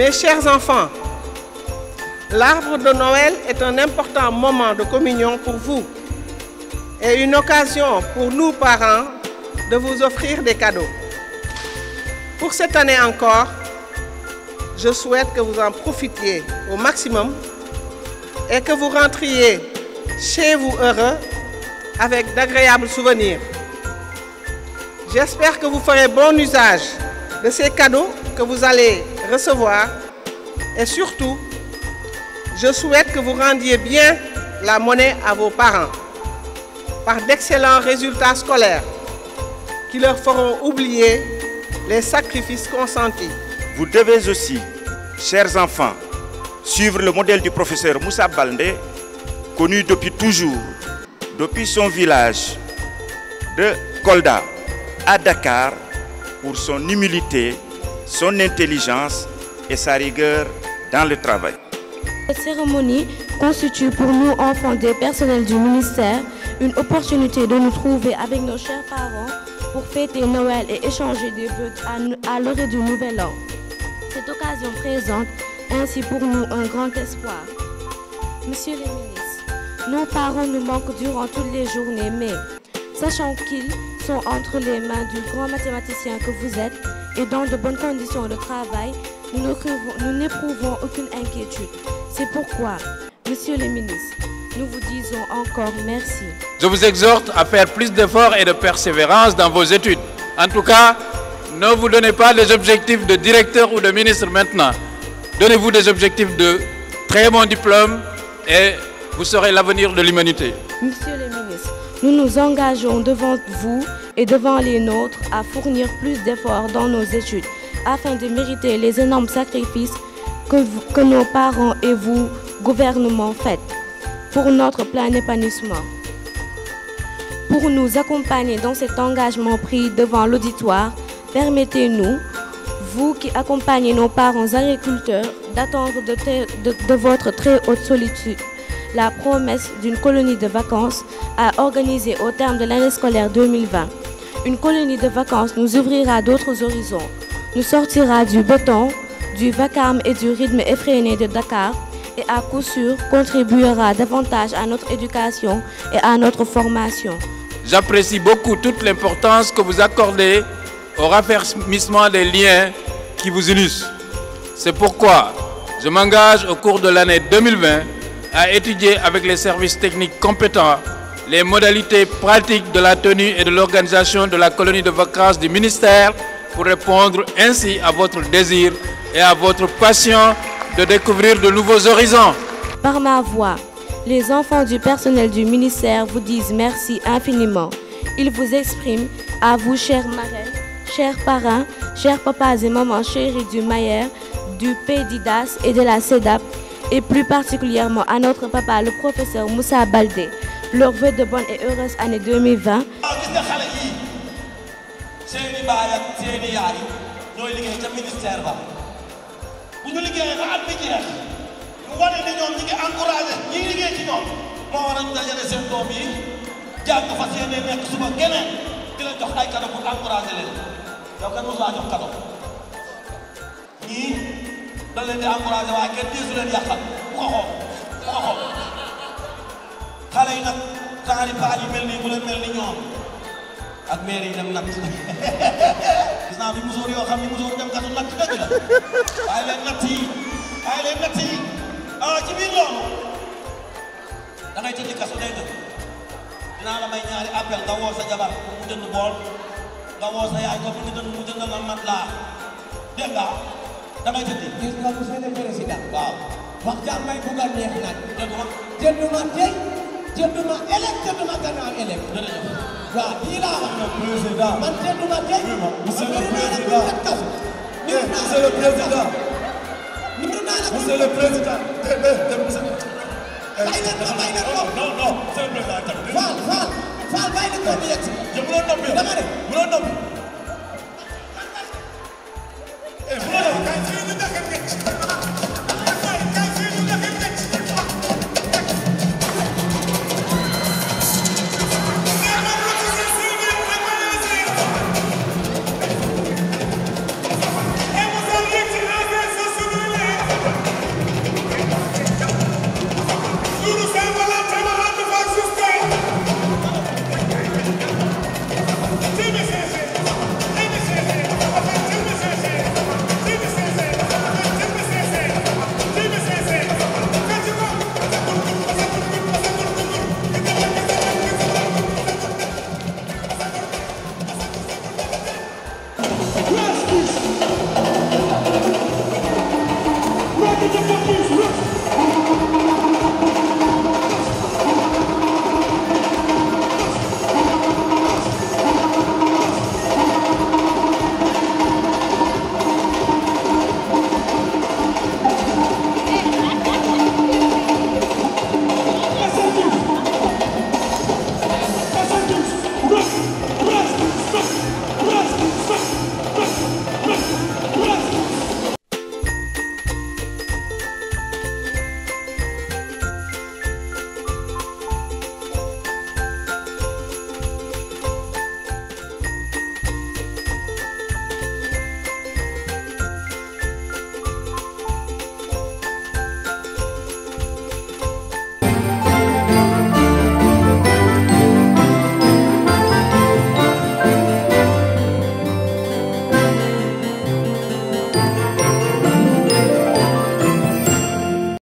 Mes chers enfants, l'arbre de Noël est un important moment de communion pour vous et une occasion pour nous parents de vous offrir des cadeaux. Pour cette année encore, je souhaite que vous en profitiez au maximum et que vous rentriez chez vous heureux avec d'agréables souvenirs. J'espère que vous ferez bon usage de ces cadeaux que vous allez recevoir. Et surtout, je souhaite que vous rendiez bien la monnaie à vos parents par d'excellents résultats scolaires qui leur feront oublier les sacrifices consentis. Vous devez aussi, chers enfants, suivre le modèle du professeur Moussa Balde, connu depuis toujours, depuis son village de Kolda à Dakar, pour son humilité, son intelligence et sa rigueur dans le travail. Cette cérémonie constitue pour nous, enfants des personnels du ministère, une opportunité de nous trouver avec nos chers parents pour fêter Noël et échanger des vœux à, l'heure du Nouvel An. Cette occasion présente ainsi pour nous un grand espoir. Monsieur le ministre, nos parents nous manquent durant toutes les journées, mais sachant qu'ils sont entre les mains du grand mathématicien que vous êtes et dans de bonnes conditions de travail, nous n'éprouvons aucune inquiétude. C'est pourquoi, Monsieur le ministre, nous vous disons encore merci. Je vous exhorte à faire plus d'efforts et de persévérance dans vos études. En tout cas, ne vous donnez pas les objectifs de directeur ou de ministre maintenant. Donnez-vous des objectifs de très bon diplôme et vous serez l'avenir de l'humanité. Monsieur le ministre, nous nous engageons devant vous et devant les nôtres à fournir plus d'efforts dans nos études afin de mériter les énormes sacrifices que, nos parents et vous, gouvernement, faites pour notre plein épanouissement. Pour nous accompagner dans cet engagement pris devant l'auditoire, permettez-nous, vous qui accompagnez nos parents agriculteurs, d'attendre de, de, votre très haute solitude la promesse d'une colonie de vacances à organiser au terme de l'année scolaire 2020. Une colonie de vacances nous ouvrira d'autres horizons nous sortira du béton, du vacarme et du rythme effréné de Dakar et à coup sûr contribuera davantage à notre éducation et à notre formation. J'apprécie beaucoup toute l'importance que vous accordez au raffermissement des liens qui vous unissent. C'est pourquoi je m'engage au cours de l'année 2020 à étudier avec les services techniques compétents les modalités pratiques de la tenue et de l'organisation de la colonie de vacances du ministère pour répondre ainsi à votre désir et à votre passion de découvrir de nouveaux horizons. Par ma voix, les enfants du personnel du ministère vous disent merci infiniment. Ils vous expriment, à vous, chers marraines, chers parrains, chers papas et mamans chéris du Mayer, du Pédidas et de la CEDAP, et plus particulièrement à notre papa, le professeur Moussa Baldé. Leur vœu de bonne et heureuse année 2020. seen i baay ak seen i yaay liggéey ca ministère ba bu ñu liggéeyee ba at bi jeex ñu wane ni ñoom ñi ngi encouragé ñi liggéey ci ñoom moo war a ñu dajale yi jàng fa seen i nekk suba keneen di la jox ay kado pour encouragé leen yow kenn mosu laa jox kado ñii da leen di encouragé waaye kenn diisu leen yàqal bu ko yi nag taari baal mel nii bu leen ni ñoom. አግሜሪ ለምን አትስለኝ ዝናቢ ሙዞሪ ወካሚ kami ደም ከቱላ ከገለ አይለነቲ አይለነቲ አጅቢሎ dangay tëdd kaso day dëkk dinaa la may ñaari appel nga woo sa jabar pour mu jënd bool nga woo sa yaay ko mu jënd mu jënd la mat laa dégg nga dangay tëdd gis nga monsieur le président waaw wax jàmm may bugal neex jënduma élec jënduma gannaaw élec. waaw lii laa wax. président man jënduma tey. monsieur le président eh, monsieur le président. Eh, eh, monsieur le président. bàyyi leen ko bàyyi leen ko. non non monsieur le président. Fall Fall Fall bàyyi leen ko bi yegg si. dama ne.